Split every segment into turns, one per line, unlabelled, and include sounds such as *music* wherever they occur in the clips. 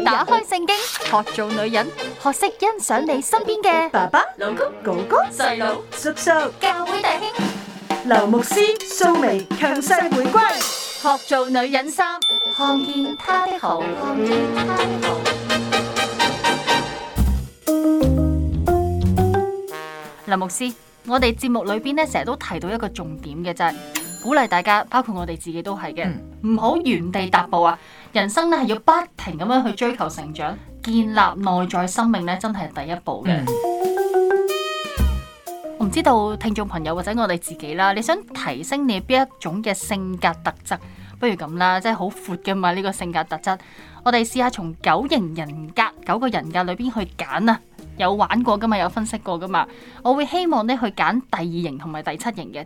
打開聖經，學做女人，學識欣賞你身邊嘅爸爸、老公、哥哥、細佬、叔叔、教會弟兄、劉牧師、蘇眉、強勢回歸。學做女人三，看見他的好。劉牧師，我哋節目裏邊咧成日都提到一個重點嘅啫。鼓勵大家，包括我哋自己都係嘅，唔、嗯、好原地踏步啊！人生咧係要不停咁樣去追求成長，建立內在生命咧，真係第一步嘅。嗯、我唔知道聽眾朋友或者我哋自己啦，你想提升你邊一種嘅性格特質？不如咁啦，即係好闊嘅嘛呢，個性格特質。我哋試下從九型人格九個人格裏邊去揀啊，有玩過噶嘛，有分析過噶嘛。我會希望呢去揀第二型同埋第七型嘅。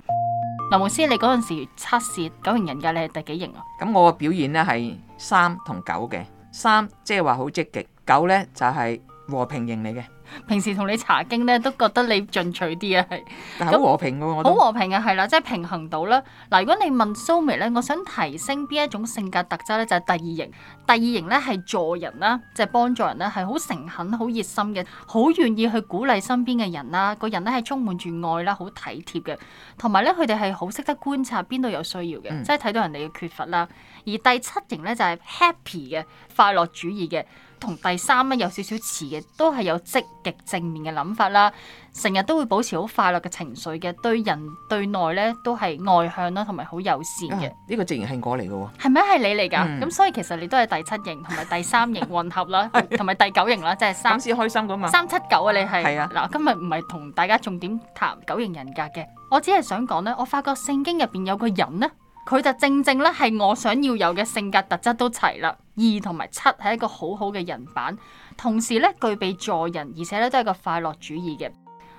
劉牧師，你嗰陣時測試九型人格，你係第幾型啊？咁我個表現咧係三同九嘅，三即係話好積極，九呢就係和平型嚟嘅。
平時同你查經咧，都覺得你進取啲啊，係。但係好和平噶，我好和平啊，係啦，即係平衡到啦。嗱，如果你問蘇眉咧，我想提升邊一種性格特質咧，就係、是、第二型。第二型咧係助人啦，即係幫助人咧，係好誠懇、好熱心嘅，好願意去鼓勵身邊嘅人啦。個人咧係充滿住愛啦，好體貼嘅，同埋咧佢哋係好識得觀察邊度有需要嘅，嗯、即係睇到人哋嘅缺乏啦。而第七型咧就係、是、happy 嘅快樂主義嘅，同第三咧有少少似嘅，都係有積極正面嘅諗法啦，成日都會保持好快樂嘅情緒嘅，對人對內咧都係外向啦、啊，同埋好友善嘅。呢、啊
這個直情係我嚟嘅喎。
係咪係你嚟噶？咁、嗯、所以其實你都係第七型同埋第三型混合啦，同埋 *laughs* 第九型啦，即係三先開心噶嘛。三七九啊，你係。係啊。嗱、啊，今日唔係同大家重點談九型人格嘅，我只係想講咧，我發覺聖經入邊有個人咧。佢就正正咧，係我想要有嘅性格特質都齊啦。二同埋七係一個好好嘅人版，同時咧具備助人，而且咧都係一個快樂主義嘅。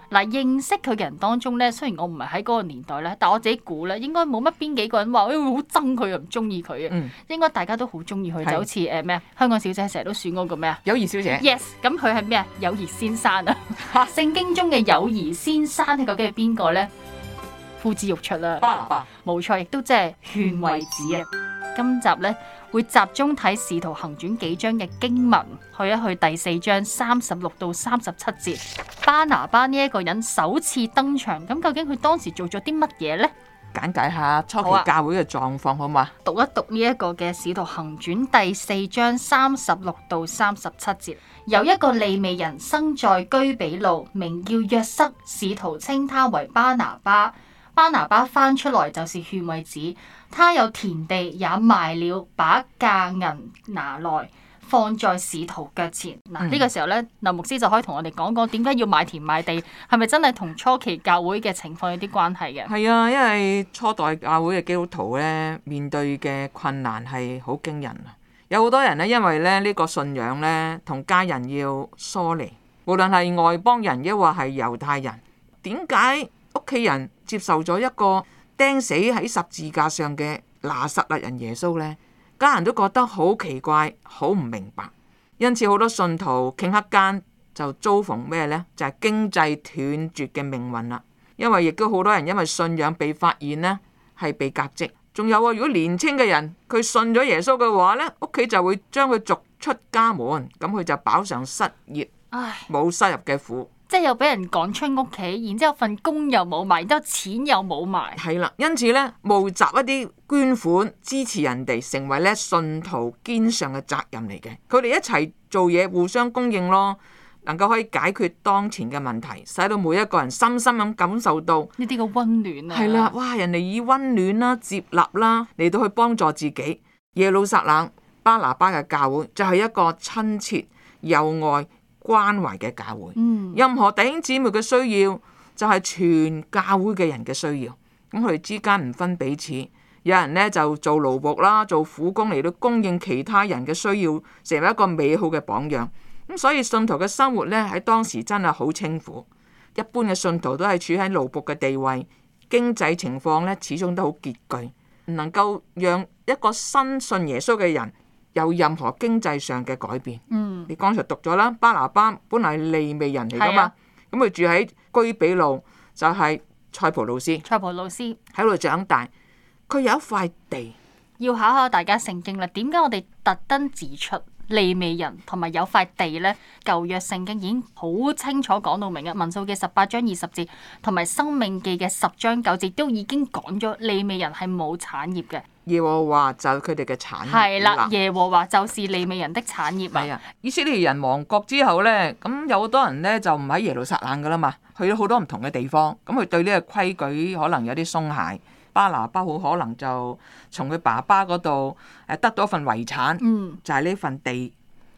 嗱、啊，認識佢嘅人當中咧，雖然我唔係喺嗰個年代咧，但我自己估咧，應該冇乜邊幾個人話，誒，好憎佢啊，唔中意佢啊，嗯、應該大家都好中意佢，是就好似誒咩啊，香港小姐成日都選嗰個咩啊，
友誼小姐。
Yes，咁佢係咩啊？友誼先生啊？聖經中嘅友誼先生，你 *laughs* 究竟係邊個咧？呼之欲出啦！巴拿巴，冇錯，亦都即係勸慰子啊！止今集呢，會集中睇《使徒行傳》幾章嘅經文，去一去第四章三十六到三十七節。巴拿巴呢一個人首次登場，咁究竟佢當時做咗啲乜嘢呢？簡解下初期教會嘅狀況好啊、好嗎？讀一讀呢一個嘅《使徒行傳》第四章三十六到三十七節。有一個利未人生在居比路，名叫約瑟，使徒稱他為巴拿巴。巴拿巴翻出來，就是勸慰子。他有田地也賣了，把價銀拿來放在使徒腳前。嗱、嗯，呢個時候呢，林牧師就可以同我哋講講點解要賣田賣地，係咪真係同初期教會嘅情況有啲關係嘅？係
啊，因為初代教會嘅基督徒呢，面對嘅困難係好驚人啊。有好多人呢，因為咧呢、呢個信仰呢，同家人要疏離，無論係外邦人抑或係猶太人，點解屋企人？接受咗一個釘死喺十字架上嘅拿撒勒人耶穌呢，家人都覺得好奇怪，好唔明白。因此好多信徒頃刻間就遭逢咩呢？就係、是、經濟斷絕嘅命運啦。因為亦都好多人因為信仰被發現呢，係被革職。仲有啊，如果年青嘅人佢信咗耶穌嘅話呢，屋企就會將佢逐出家門，咁佢就飽嘗失業、冇唉失入嘅苦。
即係又俾人趕出屋企，然之後份工又冇埋，然之後錢又冇埋。係啦，
因此呢，募集一啲捐款支持人哋，成為咧信徒肩上嘅責任嚟嘅。佢哋一齊做嘢，互相供應咯，能夠可以解決當前嘅問題，使到每一個人深深咁感受到呢啲
嘅溫暖啊！係啦，哇！
人哋以溫暖啦、啊、接納啦嚟到去幫助自己。耶路撒冷巴拿巴嘅教會就係、是、一個親切、友愛關懷嘅教會，任何弟兄姊妹嘅需要就係全教會嘅人嘅需要，咁佢哋之間唔分彼此。有人呢就做勞僕啦，做苦工嚟，到供應其他人嘅需要，成為一個美好嘅榜樣。咁所以信徒嘅生活呢，喺當時真係好清苦，一般嘅信徒都係處喺勞僕嘅地位，經濟情況呢，始終都好拮據，唔能夠讓一個新信耶穌嘅人。有任何經濟上嘅改變？嗯，你剛才讀咗啦，巴拿巴本嚟係利未人嚟㗎嘛？咁佢、啊嗯、住喺居比路，就塞浦路斯，就係塞浦路斯。塞浦路斯喺度長大，佢有一塊地。
要考下大家聖經啦，點解我哋特登指出利未人同埋有塊地呢？舊約聖經已經好清楚講到明嘅，民數嘅十八章二十節，同埋生命記嘅十章九節都已經講咗利未人係冇產業嘅。
耶和華就佢哋嘅產業啦。係啦，耶和華就是利未人的產業啊。係啊，以色列人亡國之後咧，咁有好多人咧就唔喺耶路撒冷噶啦嘛，去咗好多唔同嘅地方。咁佢對呢個規矩可能有啲鬆懈。巴拿巴好可能就從佢爸爸嗰度誒得到一份遺產，嗯、就係呢份地。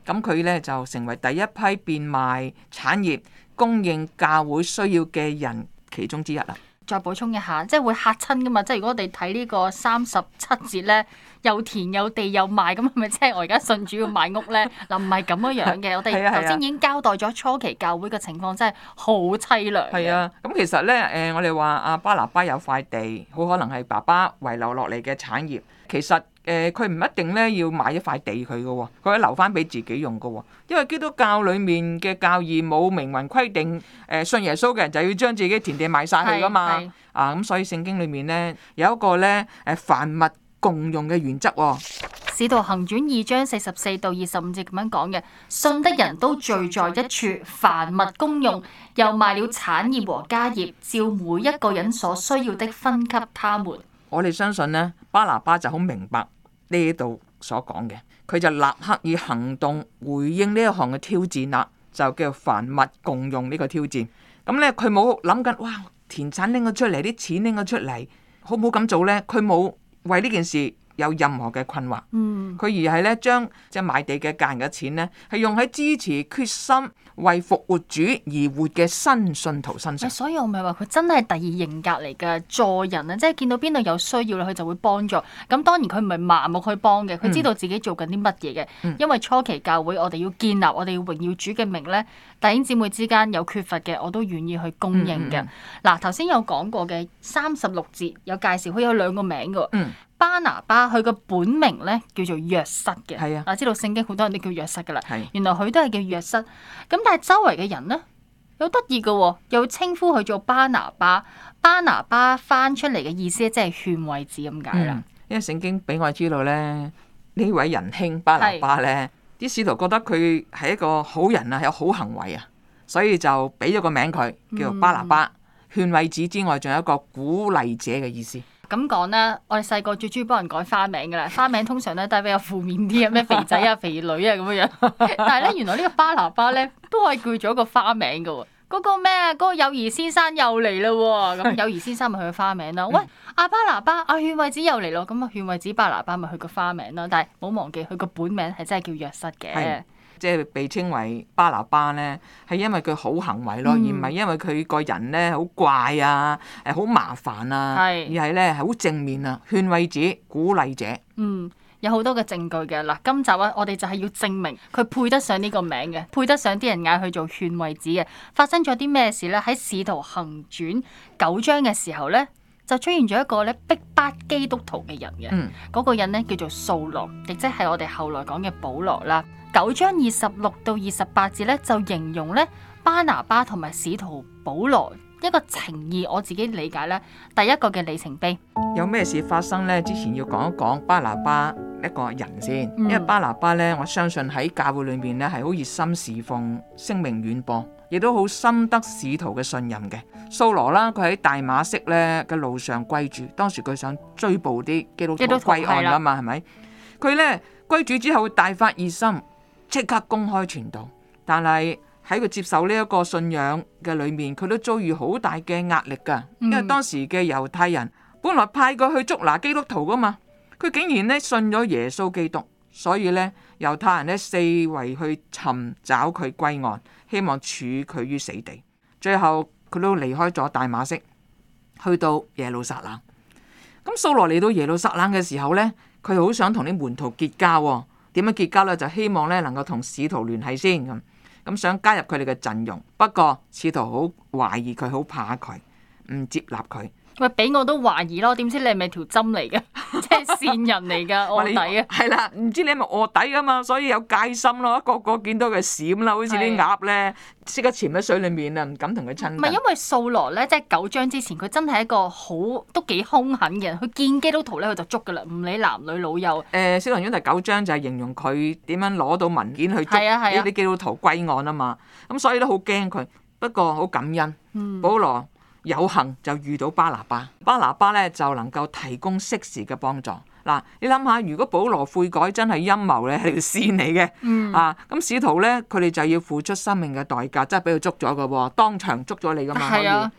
咁佢咧就成為第一批變賣產業，供應教會需要嘅人其中之一啦。再補充一下，即係會嚇親㗎
嘛！即係如果我哋睇呢個三十七節咧，又田又地又賣咁，係咪即係我而家信主要賣屋咧？嗱、 *laughs* 啊，唔係咁樣嘅。我哋頭先已經交代咗初期教會嘅情況，
*laughs* 真係好淒涼。係啊，咁、嗯、其實咧，誒，我哋話阿巴拿巴有塊地，好可能係爸爸遺留落嚟嘅產業，其實。誒，佢唔、呃、一定咧要買一塊地佢嘅，哦，佢可以留翻俾自己用嘅，哦，因為基督教裏面嘅教義冇明文規定，誒、呃、信耶穌嘅人就要將自己田地賣晒去噶嘛，啊咁，嗯、所以聖經裏面咧有一個咧誒凡物共用嘅原則，哦。使徒行傳二章
四十四到二十五節咁樣講嘅，信的人都聚在一處，凡物公用，又賣了產業和家業，照每一個人所需要的分給他
們。我哋相信呢，巴拿巴就好明白呢度所講嘅，佢就立刻以行動回應呢一行嘅挑戰啦，就叫做凡物共用呢個挑戰。咁呢，佢冇諗緊，「哇，田產拎咗出嚟，啲錢拎咗出嚟，好唔好咁做呢？」佢冇為呢件事。有任何嘅困惑，佢、嗯、而係咧將即係買地嘅間嘅錢咧，係用喺支持決心為復活主而活嘅新信徒身上。所以我咪話佢真係第二型格嚟嘅助人咧，即係見
到邊度有需要咧，佢就會幫助。咁當然佢唔係盲目去幫嘅，佢知道自己做緊啲乜嘢嘅。嗯、因為初期教會我哋要建立，我哋要榮耀主嘅名咧，弟兄姊妹之間有缺乏嘅，我都願意去供應嘅。嗱，頭先有講過嘅三十六節有介紹，佢有，有兩個名嘅。嗯嗯巴拿巴佢個本名咧叫做約瑟嘅，大家，啊、知道聖經好多人都叫約瑟噶啦啊、原來佢都係叫約瑟。咁但係周圍嘅人咧，有得意嘅，又稱呼佢做巴拿巴。巴拿巴翻出嚟嘅意思即
係勸慰子咁解啦。因為聖經俾我知道咧，呢位仁兄巴拿巴咧，啲是使徒覺得佢係一個好人啊，有好行為啊，所以就俾咗個名佢叫做巴拿巴。嗯、勸慰子之外，仲有一個鼓勵者嘅意思。
咁講啦，我哋細個最中意幫人改花名噶啦，花名通常咧都係比較負面啲啊，咩肥仔啊、肥女啊咁嘅樣。但係咧，原來呢個巴拿巴咧都係攰咗一個花名嘅喎。嗰個咩？嗰個友誼先生又嚟啦喎！咁友誼先生咪佢個花名啦。喂， *laughs* 阿巴拿巴，阿勸慰子又嚟咯。咁啊，勸慰子巴拿巴咪佢個花名啦。但係冇忘記佢個本名係真係叫約瑟嘅。
即係被稱為巴拿巴咧，係因為佢好行為咯，嗯、而唔係因為佢個人咧好怪啊，誒好麻煩啊，是而係咧係好正面啊，勸慰子，鼓勵者。嗯，
有好多嘅證據嘅嗱，今集啊，我哋就係要證明佢配得上呢個名嘅，配得上啲人嗌佢做勸慰子嘅。發生咗啲咩事咧？喺《使徒行傳》九章嘅時候咧，就出現咗一個咧逼迫基督徒嘅人嘅，嗰、嗯、個人咧叫做掃羅，亦即係我哋後來講嘅保羅啦。九章二十六到二十八節咧，就形容咧巴拿巴同埋使徒保羅一個情意。我自己理解咧，第一個嘅里程碑。
有咩事發生咧？之前要講一講巴拿巴一個人先。因為巴拿巴咧，我相信喺教會裏面咧係好熱心侍奉，聲名遠播，亦都好深得使徒嘅信任嘅。掃羅啦，佢喺大馬色咧嘅路上歸主，當時佢想追捕啲基督徒歸案噶嘛，係咪？佢咧歸主之後會大發熱心。即刻公開傳道，但係喺佢接受呢一個信仰嘅裏面，佢都遭遇好大嘅壓力㗎。因為當時嘅猶太人本來派佢去捉拿基督徒㗎嘛，佢竟然呢信咗耶穌基督，所以呢猶太人呢四圍去尋找佢歸案，希望處佢於死地。最後佢都離開咗大馬色，去到耶路撒冷。咁掃羅嚟到耶路撒冷嘅時候呢，佢好想同啲門徒結交。點樣結交呢？就希望呢能夠同使徒聯繫先咁，咁、嗯嗯、想加入佢哋嘅陣容。不過使徒好懷疑佢，好怕佢，唔接納佢。
喂，俾我都懷疑咯，點
知你係咪條針嚟嘅，即係線人嚟㗎，臥底啊！係啦， *laughs* 唔知你係咪臥底啊嘛，所以有戒心咯。個個見到佢閃啦，好似啲鴨咧，即刻潛喺水裡面啊，唔敢同佢親。唔係因
為掃羅咧，即係九章之前，佢真係一個好都幾兇狠嘅人。佢見基督徒咧，佢就捉㗎啦，唔理男女老幼。
誒，使徒行傳第九章就係形容佢點樣攞到文件去捉呢啲基督徒歸案啊嘛。咁所以都好驚佢，不過好感恩。嗯。保羅。有幸就遇到巴拿巴，巴拿巴咧就能夠提供適時嘅幫助。嗱、啊，你諗下，如果保羅悔改真係陰謀咧，係條線嚟嘅。嗯、啊，咁使徒咧，佢哋就要付出生命嘅代價，即係俾佢捉咗㗎，當場捉咗你㗎嘛。係啊。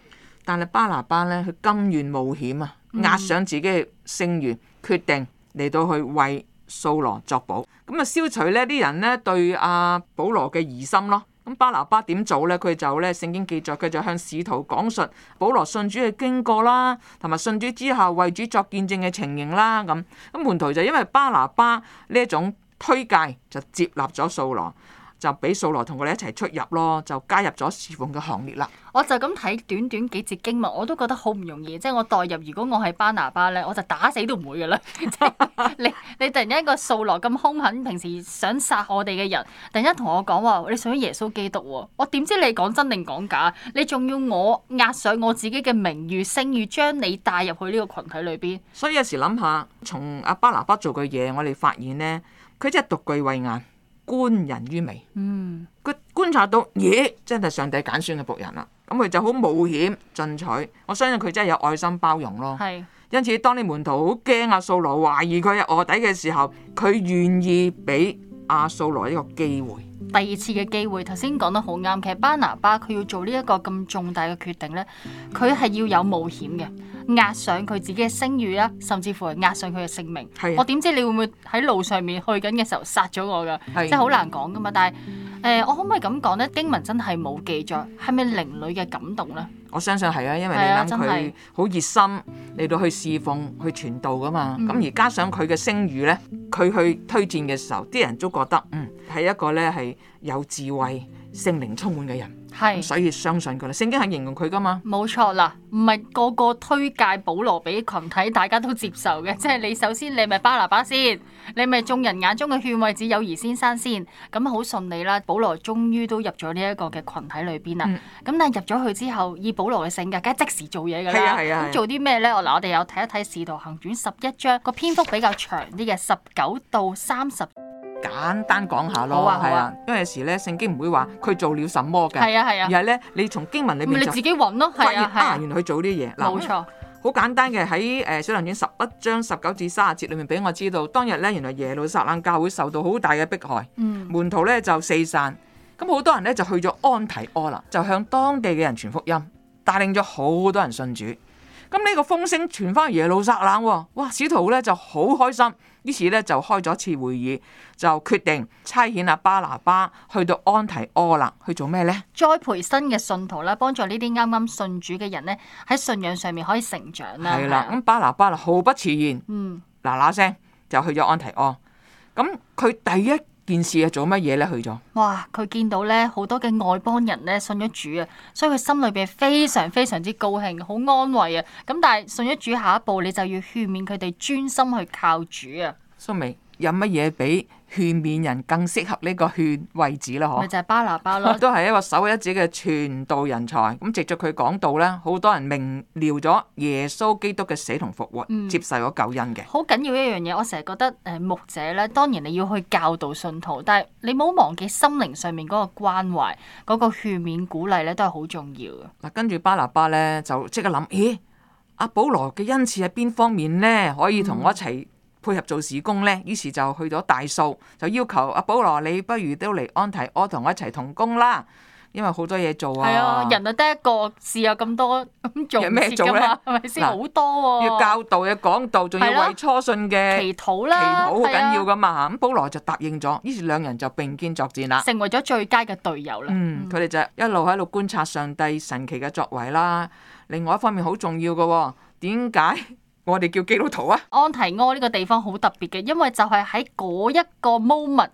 但係巴拿巴咧，佢甘願冒險啊，押上自己嘅聲譽，決定嚟到去為掃羅作保，咁、嗯、啊、嗯、消除呢啲人咧對阿、啊、保羅嘅疑心咯。咁巴拿巴點做咧？佢就咧聖經記載，佢就向使徒講述保羅信主嘅經過啦，同埋信主之後為主作見證嘅情形啦。咁咁門徒就因為巴拿巴呢一種推介，就接納咗掃羅。就俾掃羅同佢哋一齊出入咯，就加入咗侍奉嘅行列啦。
我就咁睇短短幾節經文，我都覺得好唔容易。即係我代入，如果我係巴拿巴咧，我就打死都唔會噶啦。 *laughs* 你你突然間一個掃羅咁兇狠，平時想殺我哋嘅人，突然間同我講話，你想耶穌基督喎、哦？我點知你講真定講假？你仲要我押上我自己嘅名譽、聲譽，將你帶入去呢個群體裏
邊？所以有時諗下，從阿巴拿巴做嘅嘢，我哋發現呢，佢真係獨具慧眼。觀人於微，
嗯，
佢觀察到，咦，真係上帝揀選嘅僕人啦，咁佢就好冒險進取，我相信佢真係有愛心包容咯，係是，因此當你門徒好驚阿掃羅懷疑佢係臥底嘅時候，佢願意俾。阿素來一個機會，
第二次嘅機會，頭先講得好啱。其實巴拿巴佢要做呢一個咁重大嘅決定咧，佢係要有冒險嘅，壓上佢自己嘅聲譽啦，甚至乎係壓上佢嘅性命。的我點知你會唔會喺路上面去緊嘅時候殺咗
我㗎？即係好難
講㗎嘛。但係誒、呃，我可唔可以咁講咧？經文真係冇記載，係咪靈女嘅感動咧？
我相信係啊，因為你諗佢好熱心嚟，啊、到去侍奉、去傳道噶嘛。咁、嗯、而加上佢嘅聲譽咧，佢去推薦嘅時候，啲人都覺得嗯，係一個咧，係有智慧、聖靈充滿嘅人。係，是所以相信佢啦。聖經係形容佢㗎嘛？冇錯啦，唔係個個推介保羅俾群體，
大家都接受嘅。即係你首先你咪巴拿巴先，你咪眾人眼中嘅勸慰子、友誼先生先，咁好順利啦。保羅終於都入咗呢一個嘅群體裏邊啦。咁、嗯、但係入咗去之後，以保羅嘅性格，梗係即時做嘢㗎啦。係啊咁、啊啊、做啲咩咧？嗱，我哋有睇一睇《使徒行傳》十一章個篇幅比較長啲嘅十九到三十。
簡單講下咯，係啊，啊啊因為有時咧，聖經唔會話佢做了什麼嘅，係啊係啊，啊而係咧，你從經文裏面就自己
揾咯，發現啊，原來佢
做啲嘢，嗱錯，冇錯、嗯，好簡單嘅喺誒《小林卷》十一章十九至三十節裏面俾我知道，當日咧原來耶路撒冷教會受到好大嘅迫害，嗯、門徒咧就四散，咁好多人咧就去咗安提柯啦，就向當地嘅人傳福音，帶領咗好多人信主，咁呢個風聲傳翻去耶路撒冷喎，哇，使徒咧就好開心。於是咧就開咗一次會議，就決定差遣阿巴拿巴去到安提阿啦，去做咩呢？栽培新嘅信
徒啦，幫助呢啲啱啱信主嘅人呢，喺信仰上面可以成長啦。係啦的，咁
的巴拿巴啊毫不遲疑，嗯，嗱嗱聲就去咗安提阿。咁佢第一。件事啊，做乜嘢咧？去咗？
哇！佢見到咧好多嘅外邦人咧信咗主啊，所以佢心裏邊非常非常之高興，好安慰啊。咁但係信咗主，下一步你就要勸勉佢哋專心去靠主啊。
蘇明有乜嘢俾？勸勉人更適合呢個勸位置啦，嗬，咪就
係巴拿巴咯。啊、都
係一個首一指嘅傳道人才。咁藉着佢講道咧，好多人明了咗耶穌基督嘅死同復活，嗯、接受咗救恩嘅。
好緊要一樣嘢，我成日覺得誒，牧者咧，當然你要去教導信徒，但係你冇忘記心靈上、那個、面嗰個關懷，嗰個勸勉鼓勵咧，都係好
重要嘅。嗱、啊，跟住巴拿巴咧，就即刻諗，咦，阿保羅嘅恩賜喺邊方面咧，可以同我一齊、嗯？配合做事工咧，於是就去咗大數，就要求阿保羅，你不如都嚟安提阿，我同我一齊同工啦，因為好多嘢做啊。係啊，人
就得一個，事又咁多，咁、
嗯、做有咩做咧？係咪先好多、啊？要教導，要講道，仲要為初信嘅祈禱啦，祈禱好緊要噶嘛吓。咁保羅就答應咗，於是兩人就並肩作戰啦，成為咗最佳嘅隊友啦。嗯，佢哋、嗯、就一路喺度觀察上帝神奇嘅作為啦。另外一方面好重要噶，點解？我哋叫基督徒啊！安提阿呢個地方好特別嘅，因為就係喺嗰一個 moment，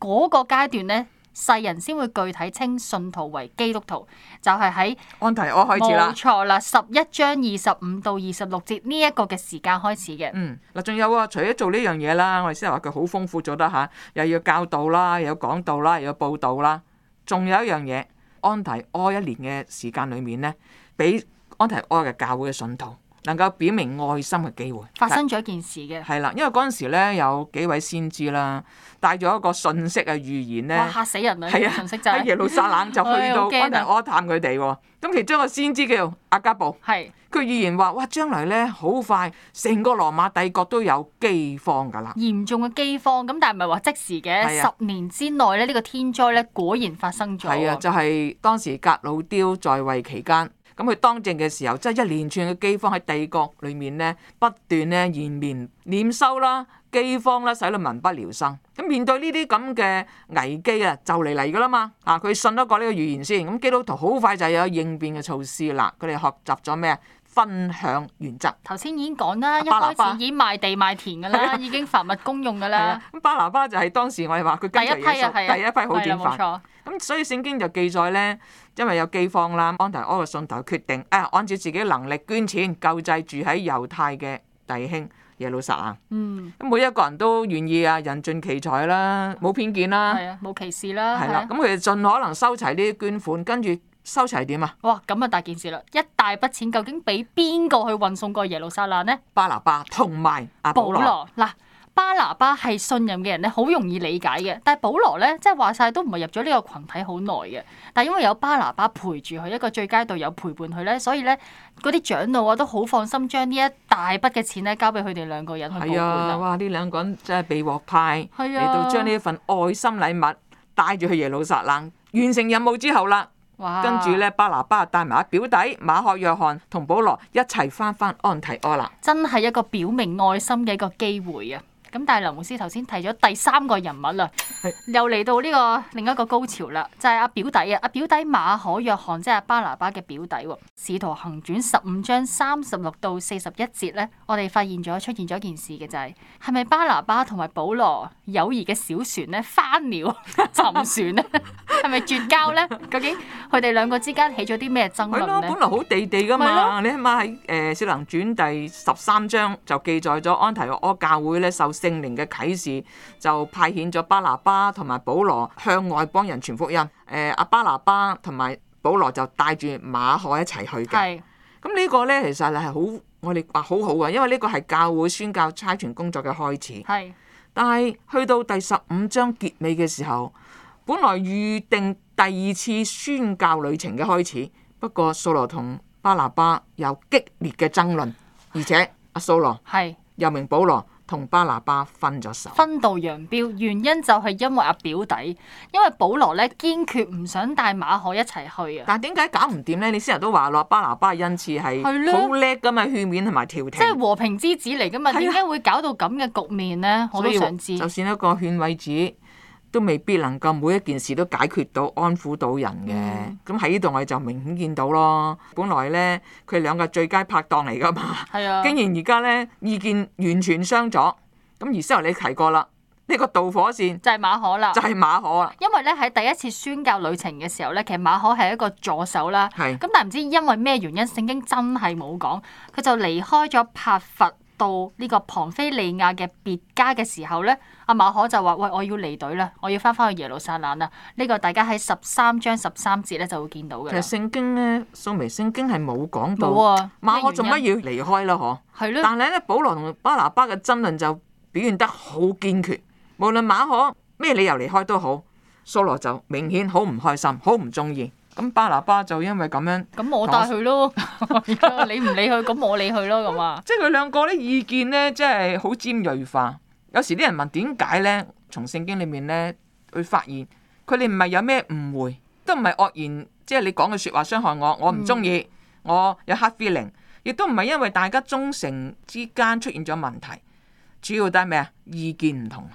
嗰、
嗰個階段呢，世人先會具體稱信徒為基督徒，就係、是、喺安提阿開始啦。冇錯啦，十一章二十五到二十六節呢一個嘅時間開始嘅。嗯，
嗱，仲有啊，除咗做呢樣嘢啦，我哋先係話佢好豐富做得吓，又要教導啦，又有講道啦，又有報道啦，仲有一樣嘢，安提阿一年嘅時間裏面呢，俾安提阿嘅教會嘅信徒。能夠表明愛心嘅機會發生咗
一件事嘅，係
啦，因為嗰陣時咧有幾位先知啦，帶咗一個信息嘅預言咧，嚇死人喇，係啊！信息就喺耶路撒冷就去到、 *laughs* 哎，我我探佢哋喎。咁其中一個先知叫阿加布，係佢是預言話：哇，將來咧好快，成個羅馬帝國都有饑荒㗎啦！
嚴重嘅饑荒咁，但係唔係話即時嘅？十的年
之內咧，呢個天災咧果然發生咗。係啊的，就係、是、當時革老丟在位期間。咁佢當政嘅時候，即係一連串嘅饑荒喺帝國裏面咧不斷咧延綿斂收啦，饑荒咧使到民不聊生。咁面對呢啲咁嘅危機啊，就嚟嚟噶啦嘛啊！佢信咗個呢個預言先，咁基督徒好快就係有應變嘅措施啦。佢哋學習咗咩啊？分享原則，頭先已經講啦，一開始已
經賣地賣田嘅啦，已經凡物公用嘅啦。
咁巴拿巴就係當時我哋話佢第一批啊，第一批好典範。咁所以聖經就記載咧，因為有饑荒啦，安提阿嘅信徒決定誒按照自己能力捐錢救濟住喺猶太嘅弟兄耶路撒冷。嗯，咁每一個人都願意啊，人盡其才啦，冇偏見啦，冇歧視啦，係啦。咁佢哋盡可能收齊呢啲捐款，跟住。收齊點
啊？哇！咁啊，大件事啦，一大筆錢究竟俾邊個去運送過耶路撒冷呢？巴拿巴同埋阿保羅。嗱，巴拿巴係信任嘅人咧，好容易理解嘅。但係保羅咧，即係話晒都唔係入咗呢個群體好耐嘅。但係因為有巴拿巴陪住佢一個最佳隊友陪伴佢咧，所以咧，嗰啲長老啊都好放心將呢一大筆嘅錢咧，交俾佢哋兩
個人去。係啊，哇！呢兩個人真係被獲派嚟、啊、到將呢一份愛心禮物帶住去耶路撒冷，完成任務之後啦。跟住咧，巴拿巴帶埋阿表弟馬可約翰同保羅一齊返返安提阿啦。真係一個
表明愛心嘅一個機會啊！咁但係林牧師頭先提咗第三個人物啦，是又嚟到呢、這個另一個高潮啦，就係、是、阿、啊、表弟啊，阿表弟馬可約翰即係、就是、巴拿巴嘅表弟喎。使徒行傳十五章三十六到四十一節咧，我哋發現咗出現咗一件事嘅就係、是，係咪巴拿巴同埋保羅友誼嘅小船咧翻
了沉船咧？
係咪 *laughs* *laughs* 絕交咧？究竟佢哋兩個之間起咗啲咩爭論咧？本
來好地地噶嘛，了了你起碼喺誒使徒行傳第十三章就記載咗安提阿教會咧受。聖靈嘅啟示就派遣咗巴拿巴同埋保羅向外邦人傳福音。誒、呃，阿巴拿巴同埋保羅就帶住馬可一齊去嘅。係咁呢個呢，其實係好我哋話好好呀，因為呢個係教會宣教差傳工作嘅開始。是但係去到第十五章結尾嘅時候，本來預定第二次宣教旅程嘅開始，不過掃羅同巴拿巴有激烈嘅爭論，而且阿掃羅又名保羅。同巴拿巴分咗手，分道揚鑣，原因就係因為
阿表弟，因為保羅咧堅決唔想帶馬可一齊去啊！但點解搞唔
掂咧？你先人都話落巴拿巴恩賜係好叻噶嘛，勸勉同埋調停，即
係和平之子嚟噶嘛？點解的會搞到咁嘅局面咧？以我都想
知，就算一個勸慰子。都未必能夠每一件事都解決到、安撫到人嘅。咁喺呢度我就明顯見到咯。本來咧佢兩個最佳拍檔嚟㗎嘛，啊、竟然而家咧意見完全相左。咁而先頭你提過啦，呢、呢個導火線就係馬可啦，就係馬可啊。因為咧
喺第一次宣教旅程嘅時候咧，其實馬可係一個助手啦。係是。咁但係唔知因為咩原因，聖經真係冇講佢就離開咗帕佛。到呢個龐菲利亞嘅別家嘅時候咧，阿馬可就話：喂，我要離隊啦，我要翻翻去耶路撒冷啦。呢、這個大家喺十三章十三節咧就會見到嘅。其實
聖經咧、啊，新約聖經係冇講到、啊、馬可做乜要離開啦，嗬的？係咯。但係咧，保羅同巴拿巴嘅爭論就表現得好堅決，無論馬可咩理由離開都好，蘇羅就明顯好唔開心，好唔中意。咁巴拿巴就因為咁樣、嗯，咁我帶佢
咯，你唔、嗯、理佢，咁 *laughs* 我理佢咯，咁啊、嗯。
即係佢兩個咧意見咧，即係好尖銳化。有時啲人問點解咧，從聖經裏面咧會發現，佢哋唔係有咩誤會，都唔係惡言，即係你講嘅說話傷害我，我唔中意，我有黑 feeling，亦都唔係因為大家忠誠之間出現咗問題，主要都係咩啊？意見唔同。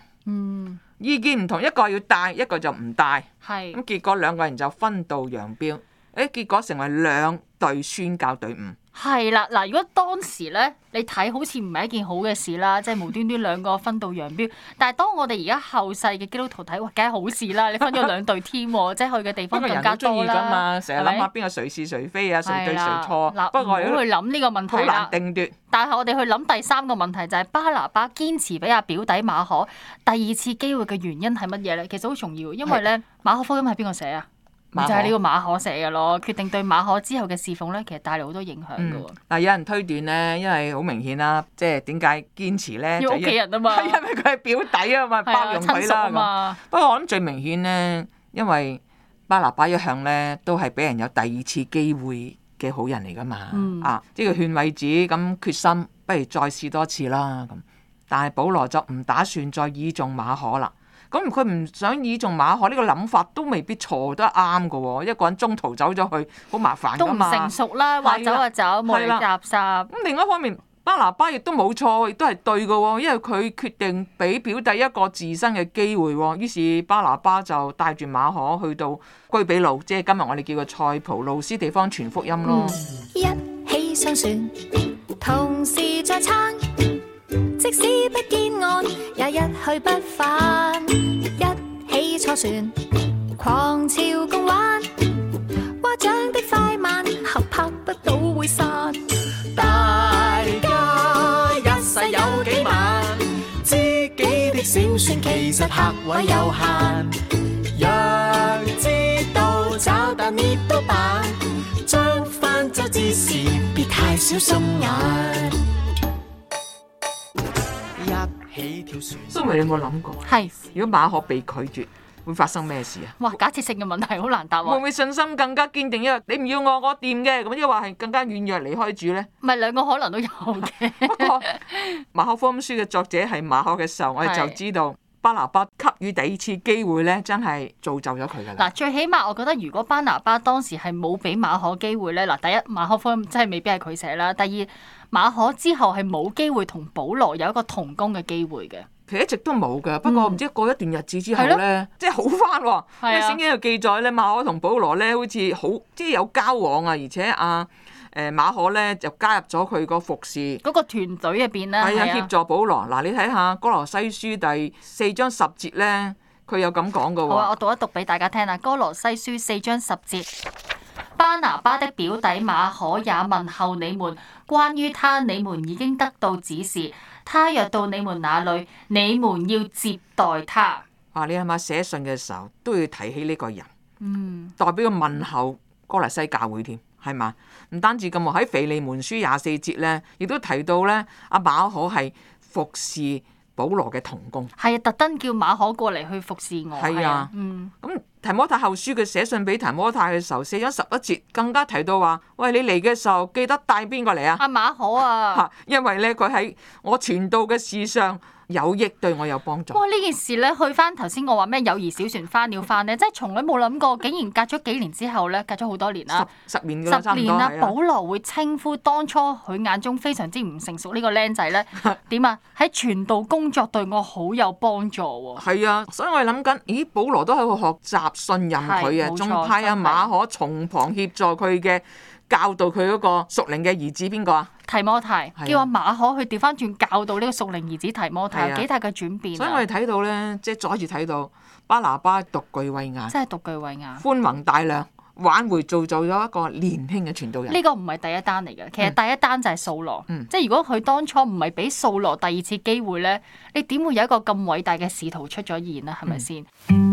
意見唔同，一個要帶，一個就唔帶，係咁是結果兩個人就分道揚鑣，誒，結果成為兩隊宣教隊伍。
係啦，嗱，如果當時咧，你睇好似唔係一件好嘅事啦，即係無端端兩個分道揚鑣。 *laughs* 但係當我哋而家後世嘅基督徒睇，哇，梗係好事啦！你分咗兩隊添喎， *laughs* 即係去嘅地方更加多啦。中意㗎嘛？成日諗下邊
個誰是誰非啊，對了誰對誰錯？嗱了，不過唔好去諗
呢個問題啦。好難定奪。但係我哋去諗第三個問題，就係巴拿巴堅持俾阿表弟馬可第二次機會嘅原因係乜嘢咧？其實好重要，因為咧，馬可福音係邊個寫啊？就係呢個馬可寫嘅咯，決定對馬可之後嘅侍奉咧，其實帶嚟好多影響㗎喎。
嗱、嗯，有人推斷咧，因為好明顯啦，即係點解堅持咧、啊？因為佢係表弟啊嘛，包容佢啦。嘛。不過我諗最明顯咧，因為巴拿巴一向咧都係俾人有第二次機會嘅好人嚟噶嘛。嗯、啊，呢個勸慰子咁決心，不如再試多次啦。咁，但係保羅就唔打算再倚重馬可啦。咁佢唔想倚重馬可呢個諗法都未必錯，都啱嘅喎。一個人中途走咗去，好麻煩，都唔成熟啦，話走就走，冇夾實。咁、嗯、另一方面，巴拿巴亦都冇錯，亦都係對嘅喎、哦。因為佢決定俾表弟一個自身嘅機會、哦，於是巴拿巴就帶住馬可去到居比路，即、就、係、是、今日我哋叫嘅塞浦路斯地方傳福音咯。嗯、
一起相處，同時再撐。即使不見岸，也一去不返。一起坐船，狂潮共玩，划槳的快慢，合拍不到會散。大家一世有幾晚，知己的小船其實客位有限。若知道找蛋捏都板，
裝帆舟之事，別太小心眼、啊。都未有冇諗過？係是如果馬可被拒絕，會發生咩事啊？哇，假設性嘅問題好難答喎。會唔會信心更加堅定？因為你唔要我，我，我掂嘅咁，呢個話係更加軟弱離開主咧？唔係兩個可能都有嘅。 *laughs* 不過馬可福音書嘅作者係馬可嘅時候，我哋就知道是巴拿巴給予第二次機會咧，真係造就咗佢嘅。嗱，
最起碼我覺得如果巴拿巴當時係冇俾馬可機會咧，嗱，第一馬可福音真係未必係佢寫啦，第二。馬可之後係冇機會同
保羅有一個同工嘅機會嘅，佢一直都冇㗎。嗯、不過唔知過一段日子之後咧，的即係好翻。因為聖的經有記載咧，馬可同保羅咧好似好即係有交往啊，而且啊，誒馬可咧就加入咗佢個服侍，嗰個團隊入邊啦，係啊協助保羅。嗱的，你睇下哥羅西書第四章十節咧，佢有咁講嘅。我
讀一讀俾大家聽啊，哥羅西書》四章十節。巴拿巴的表弟馬可也問候你們，關於他你們已經得到指示，
他若到你們那裏，
你們要接待他。
啊，你係咪寫信嘅時候都要提起呢個人，嗯，代表個問候歌羅西教會添，係嘛？唔單止咁啊，喺腓利門書廿四節咧，亦都提到咧，阿、啊、馬可係服侍。保羅嘅同工係啊，特登叫馬可過嚟去服侍我。係啊，咁、嗯、提摩太後書佢寫信俾提摩太嘅時候，寫咗十一節，更加提到話：喂，你嚟嘅時候記得帶邊個嚟啊？阿、啊、
馬可啊，嚇，
*laughs* 因為咧佢喺我傳道嘅事上。有益對我有幫助。不過，
呢件事咧，去翻頭先我話咩友誼小船翻了翻咧，即係從來冇諗過，竟然隔咗幾年之後咧，隔咗好多年啦，十年十年啊！保羅會稱呼 *laughs* 當初佢眼中非常之唔成熟個呢個靚仔咧，點啊？喺傳道工作對我好有幫助喎。係 *laughs* 啊，
所以我係諗緊，咦？保羅都喺度學習信任佢啊，仲派阿馬可從旁協助佢嘅。教導佢嗰個屬靈嘅兒子邊個啊？提摩太，叫阿馬可去調翻轉教導呢個屬靈兒子提摩太，有幾、啊、大
嘅轉變，啊。所以我哋睇
到咧，即係再次睇到巴拿巴獨具慧眼，真係
獨具慧眼，
寬宏大量，挽回造就咗一個年輕嘅傳道人。呢個
唔係第一單嚟嘅，其實第一單就係掃羅。嗯嗯，即係如果佢當初唔係俾掃羅第二次機會咧，你點會有一個咁偉大嘅使徒出咗現啊？係咪先？嗯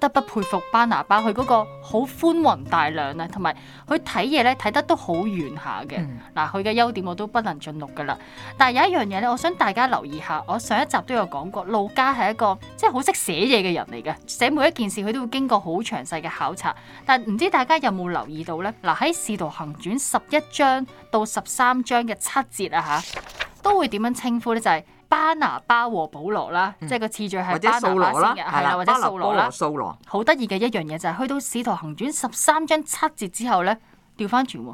不得不佩服班拿巴，佢嗰個好寬宏大量咧，同埋佢睇嘢咧睇得都好遠下嘅。嗱、嗯，佢嘅優點我都不能盡錄噶啦。但係有一樣嘢咧，我想大家留意下。我上一集都有講過，路加係一個即係好識寫嘢嘅人嚟嘅，寫每一件事佢都會經過好詳細嘅考察。但唔知大家有冇留意到咧？嗱，喺《使徒行傳》十一章到十三章嘅七節啊吓，都會點樣稱呼咧？就係、是。巴拿巴和保羅啦，即係個次序係巴拿先嘅，係啦，或者蘇羅啦。好得意嘅一樣嘢，就係去到使徒行傳十三章七節之後咧，調翻轉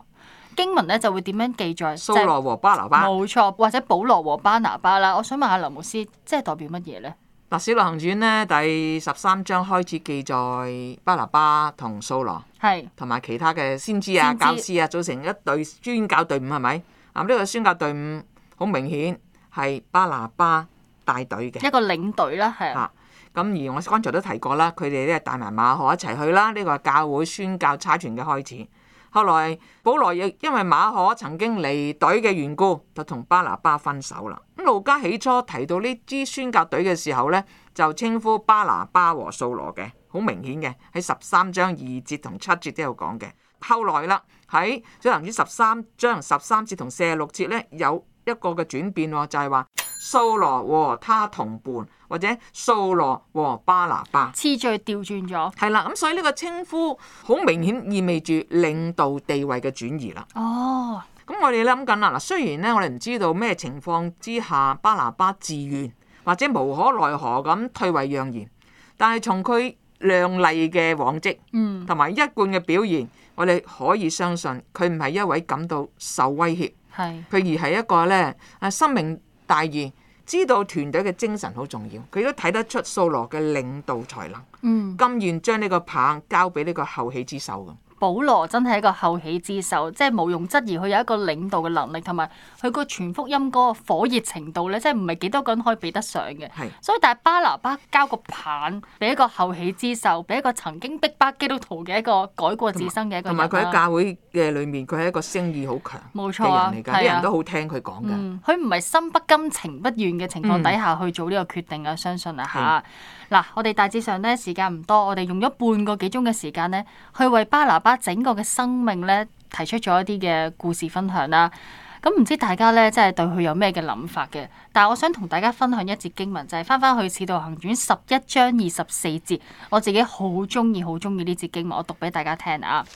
經文咧就會點樣記載？蘇羅和巴拿巴，冇錯，或者保羅和巴拿巴啦。我想問下劉牧師，即係代表乜嘢咧？
嗱，使徒行傳咧第十三章開始記載巴拿巴同蘇羅，係同埋其他嘅先知啊、教師啊，組成一隊宣教隊伍係咪？啊，呢個宣教隊伍好明顯。係巴拿巴帶隊嘅一個
領隊啦，係啊。
咁而我剛才都提過啦，佢哋咧帶埋馬可一齊去啦。呢個係教會宣教差傳嘅開始。後來保羅亦因為馬可曾經離隊嘅緣故，就同巴拿巴分手啦。咁路加起初提到呢支宣教隊嘅時候咧，就稱呼巴拿巴和掃羅嘅，好明顯嘅喺十三章二節同七節都有講嘅。後來啦，喺相當於十三章十三節同四十六節咧有一個嘅轉變，哦，就係話掃羅和他同伴，或者掃羅和巴拿巴次序調轉咗。係啦，咁所以呢個稱呼好明顯意味住領導地位嘅轉移啦。哦，咁我哋諗緊啦。嗱，雖然咧我哋唔知道咩情況之下巴拿巴自願或者無可奈何咁退位讓賢，但係從佢亮麗嘅往績，嗯，同埋一貫嘅表現，我哋可以相信佢唔係一位感到受威脅。佢是而係一個咧，啊深明大義，知道團隊嘅精神好重要，佢都睇得出掃羅嘅領導才能，嗯，甘願將呢個棒交俾呢個後起之秀嘅。保羅真係一個後起之秀，即係毋庸質疑佢有一個領
導嘅能力，同埋佢個全福音嗰個火熱程度咧，即係唔係幾多個人可以比得上嘅。是所以但係巴拿巴交個棒俾一個後起之秀，俾一個曾經逼巴基督徒嘅一個改過自身嘅一個人。同埋佢喺教
會嘅裏面，佢係一個聲意好強冇錯，人嚟嘅，啲人都好聽佢講
噶。佢唔係心不甘情不願嘅情況底下去做呢個決定啊！相信啊吓。嗯嗱，我哋大致上咧時間唔多，我哋用咗半個幾鐘嘅時間咧，去為巴拿巴整個嘅生命咧提出咗一啲嘅故事分享啦。咁、嗯、唔知大家咧，即係對佢有咩嘅諗法嘅？但係我想同大家分享一節經文，就係翻翻去《使徒行傳》十一章二十四節，我自己好中意、好中意呢節經文，我讀俾大家聽啊。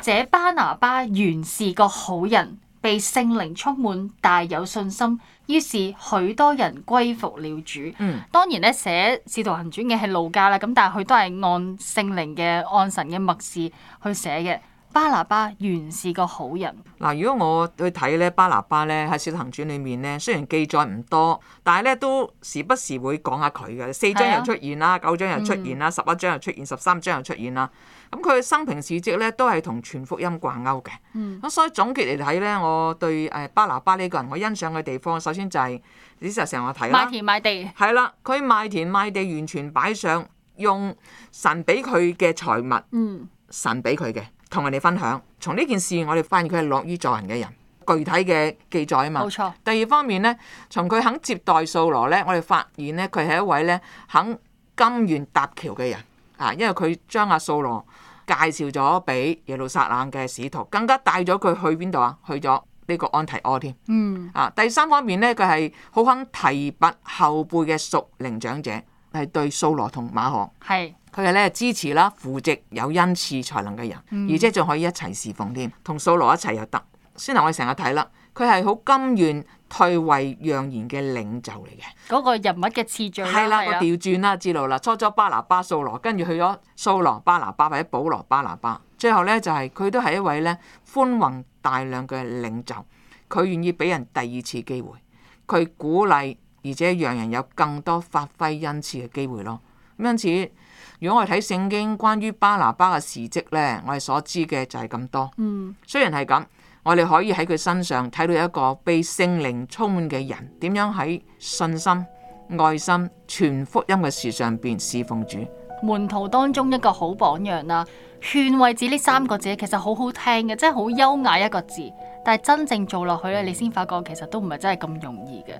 這巴拿巴原是個好人。被聖靈充滿，大有信心，於是許多人歸服了主。嗯、當然咧，寫《使徒行傳》嘅係路加啦，咁但係佢都係按聖靈嘅、按神嘅默示去寫嘅。巴拿巴原是個好人。
嗱，如果我去睇咧，巴拿巴咧喺《小行傳》裏面咧，雖然記載唔多，但係咧都時不時會講下佢嘅。四章又出現啦，啊、九章又出現啦，嗯、十一章又出現，十三章又出現啦。咁佢嘅生平事迹咧，都係同全福音掛鈎嘅。咁、嗯、所以總結嚟睇咧，我對誒巴拿巴呢個人我欣賞嘅地方，首先就係、是、你成日成日睇啦。賣田賣地係啦，佢賣田賣地完全擺上用神俾佢嘅財物，神俾佢嘅。嗯同人哋分享，從呢件事我哋發現佢係樂於助人嘅人，具體嘅記載啊嘛。冇錯。第二方面呢，從佢肯接待掃羅呢，我哋發現呢，佢係一位呢肯甘願搭橋嘅人啊，因為佢將阿掃羅介紹咗俾耶路撒冷嘅使徒，更加帶咗佢去邊度啊？去咗呢個安提柯阿添。嗯。啊，第三方面呢，佢係好肯提拔後輩嘅屬靈長者，係對掃羅同馬可。係。佢係咧支持啦，扶植有恩賜才能嘅人，嗯、而且仲可以一齊侍奉添，同掃羅一齊又得，先能我哋成日睇啦。佢係好甘願退位讓賢嘅領袖嚟嘅，
嗰個人物
嘅次序係啦我調轉啦，知道啦。初初巴拿巴掃羅，跟住去咗掃羅巴拿巴或者保羅巴拿巴，最後咧就係、是、佢都係一位咧寬宏大量嘅領袖，佢願意俾人第二次機會，佢鼓勵而且讓人有更多發揮恩賜嘅機會咯。咁因此。如果我哋睇聖經關於巴拿巴嘅事蹟呢，我哋所知嘅就係咁多。嗯，雖然係咁，我哋可以喺佢身上睇到一個被聖靈充滿嘅人，點樣喺信心、愛心、全福音嘅事上邊侍奉主，
門徒當中一個好榜樣啦。勸慰子呢三個字其實好好聽嘅，即係好優雅一個字，但係真正做落去咧，你先發覺其實都唔係真係咁容易嘅。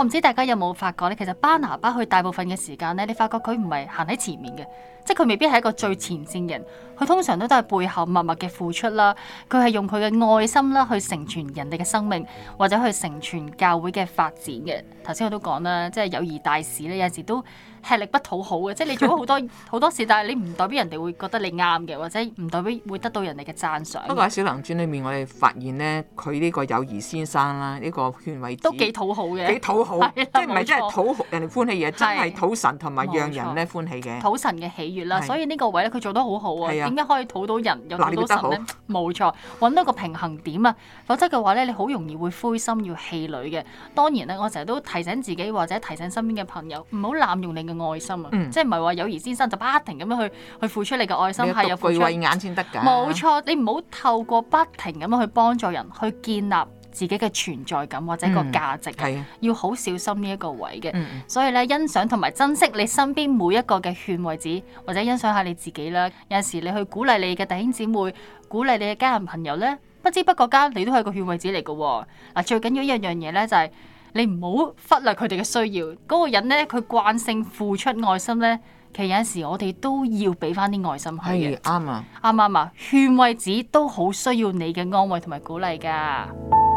我唔知大家有冇發覺咧，其實巴拿巴去大部分嘅時間咧，你發覺佢唔係行喺前面嘅，即係佢未必係一個最前綫嘅人，佢通常都都係背後默默嘅付出啦。佢係用佢嘅愛心啦，去成全人哋嘅生命，或者去成全教會嘅發展嘅。頭先我都講啦，即係友誼大使咧，有陣時都。吃力不討好嘅，即係你做咗好多好 *laughs* 多事，但係你唔代表人哋會覺得你啱嘅，或者唔代表會得到人哋嘅讚賞。不過喺《小
林傳》裏面，我哋發現咧，佢呢個友誼先生啦、啊，呢、呢個勸慰都幾討
好嘅，幾討好，唔係真係討
人哋歡喜嘢，的真係討神同埋的讓人咧歡喜嘅。
討神嘅喜悅啦，所以呢個位咧佢做得好好啊。點解的可以討到人又討到神咧？冇錯，揾到個平衡點啊！否則嘅話咧，你好容易會灰心要氣餒嘅。當然咧，我成日都提醒自己，或者提醒身邊嘅朋友，唔好濫用你愛心啊，嗯、即係唔係話友誼先生就不停咁樣去去付出你嘅愛心，係有，有慧眼先得噶，冇錯。你唔好透過不停咁樣去幫助人，去建立自己嘅存在感或者個價值，嗯、要好小心呢一個位嘅。嗯、所以咧，欣賞同埋珍惜你身邊每一個嘅勸慰子，或者欣賞下你自己啦。有陣時你去鼓勵你嘅弟兄姊妹，鼓勵你嘅家人朋友咧，不知不覺間你都係個勸慰子嚟噶。嗱，最緊要一樣嘢咧就係、是。你唔好忽略佢哋嘅需要，嗰、那個人咧，佢慣性付出愛心咧，其實有陣時我哋都要俾翻啲愛心去嘅。啱、
哎、啊，
啱啱啊，勸慰子都好需要你嘅安慰同埋鼓勵㗎。